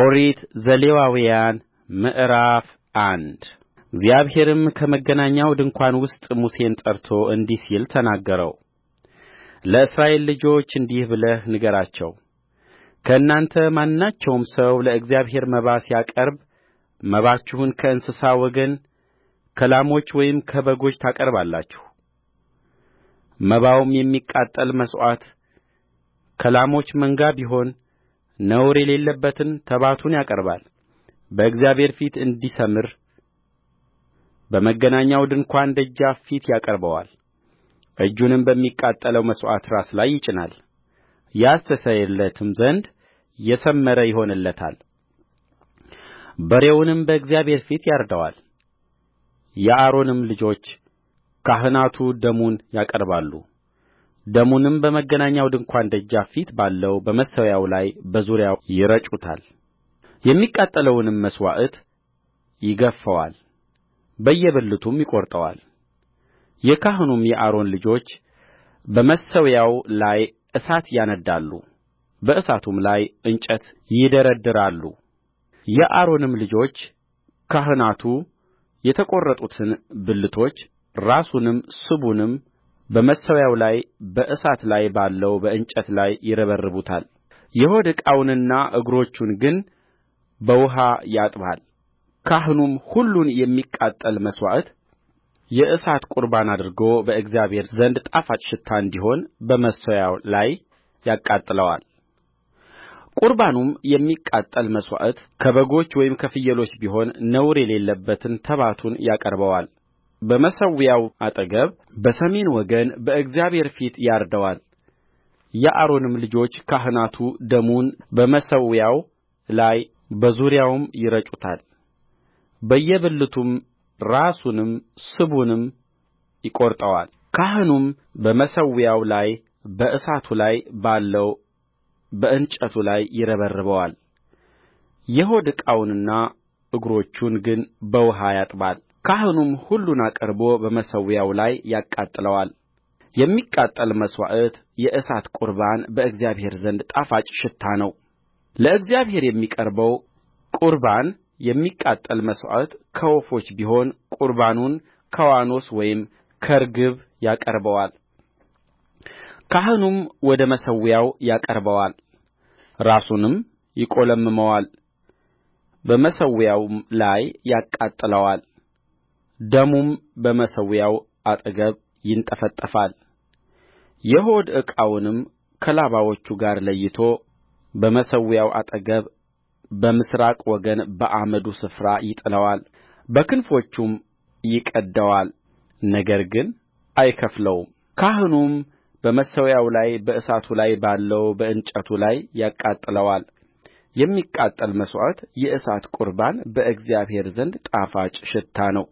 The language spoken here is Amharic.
ኦሪት ዘሌዋውያን ምዕራፍ አንድ እግዚአብሔርም ከመገናኛው ድንኳን ውስጥ ሙሴን ጠርቶ እንዲህ ሲል ተናገረው። ለእስራኤል ልጆች እንዲህ ብለህ ንገራቸው፣ ከእናንተ ማናቸውም ሰው ለእግዚአብሔር መባ ሲያቀርብ መባችሁን ከእንስሳ ወገን ከላሞች ወይም ከበጎች ታቀርባላችሁ። መባውም የሚቃጠል መሥዋዕት ከላሞች መንጋ ቢሆን ነውር የሌለበትን ተባቱን ያቀርባል በእግዚአብሔር ፊት እንዲሠምር በመገናኛው ድንኳን ደጃፍ ፊት ያቀርበዋል እጁንም በሚቃጠለው መሥዋዕት ራስ ላይ ይጭናል ያስተሰርይለትም ዘንድ የሠመረ ይሆንለታል በሬውንም በእግዚአብሔር ፊት ያርደዋል የአሮንም ልጆች ካህናቱ ደሙን ያቀርባሉ ደሙንም በመገናኛው ድንኳን ደጃፍ ፊት ባለው በመሠዊያው ላይ በዙሪያው ይረጩታልየሚቃጠለውንም መሥዋዕት ይገፍፈዋል በየብልቱም ይቈርጠዋል የካህኑም የአሮን ልጆች በመሠዊያው ላይ እሳት ያነድዳሉ በእሳቱም ላይ እንጨት ይደረድራሉ የአሮንም ልጆች ካህናቱ የተቈረጡትን ብልቶች ራሱንም ስቡንም በመሠዊያው ላይ በእሳት ላይ ባለው በእንጨት ላይ ይረበርቡታል የሆድ ዕቃውንና እግሮቹን ግን በውኃ ያጥባል ካህኑም ሁሉን የሚቃጠል መሥዋዕት የእሳት ቁርባን አድርጎ በእግዚአብሔር ዘንድ ጣፋጭ ሽታ እንዲሆን በመሠዊያው ላይ ያቃጥለዋል። ቁርባኑም የሚቃጠል መሥዋዕት ከበጎች ወይም ከፍየሎች ቢሆን ነውር የሌለበትን ተባቱን ያቀርበዋል በመሠዊያው አጠገብ በሰሜን ወገን በእግዚአብሔር ፊት ያርደዋል የአሮንም ልጆች ካህናቱ ደሙን በመሠዊያው ላይ በዙሪያውም ይረጩታል በየብልቱም ራሱንም ስቡንም ይቈርጠዋል ካህኑም በመሠዊያው ላይ በእሳቱ ላይ ባለው በእንጨቱ ላይ ይረበርበዋል የሆድ ዕቃውንና እግሮቹን ግን በውኃ ያጥባል ካህኑም ሁሉን አቅርቦ በመሠዊያው ላይ ያቃጥለዋል የሚቃጠል መሥዋዕት የእሳት ቍርባን በእግዚአብሔር ዘንድ ጣፋጭ ሽታ ነው ለእግዚአብሔር የሚቀርበው ቍርባን የሚቃጠል መሥዋዕት ከወፎች ቢሆን ቍርባኑን ከዋኖስ ወይም ከርግብ ያቀርበዋል ካህኑም ወደ መሠዊያው ያቀርበዋል ራሱንም ይቈለምመዋል በመሠዊያውም ላይ ያቃጥለዋል ደሙም በመሠዊያው አጠገብ ይንጠፈጠፋል። የሆድ ዕቃውንም ከላባዎቹ ጋር ለይቶ በመሠዊያው አጠገብ በምሥራቅ ወገን በአመዱ ስፍራ ይጥለዋል በክንፎቹም ይቀድደዋል ነገር ግን አይከፍለውም ካህኑም በመሠዊያው ላይ በእሳቱ ላይ ባለው በእንጨቱ ላይ ያቃጥለዋል የሚቃጠል መሥዋዕት የእሳት ቍርባን በእግዚአብሔር ዘንድ ጣፋጭ ሽታ ነው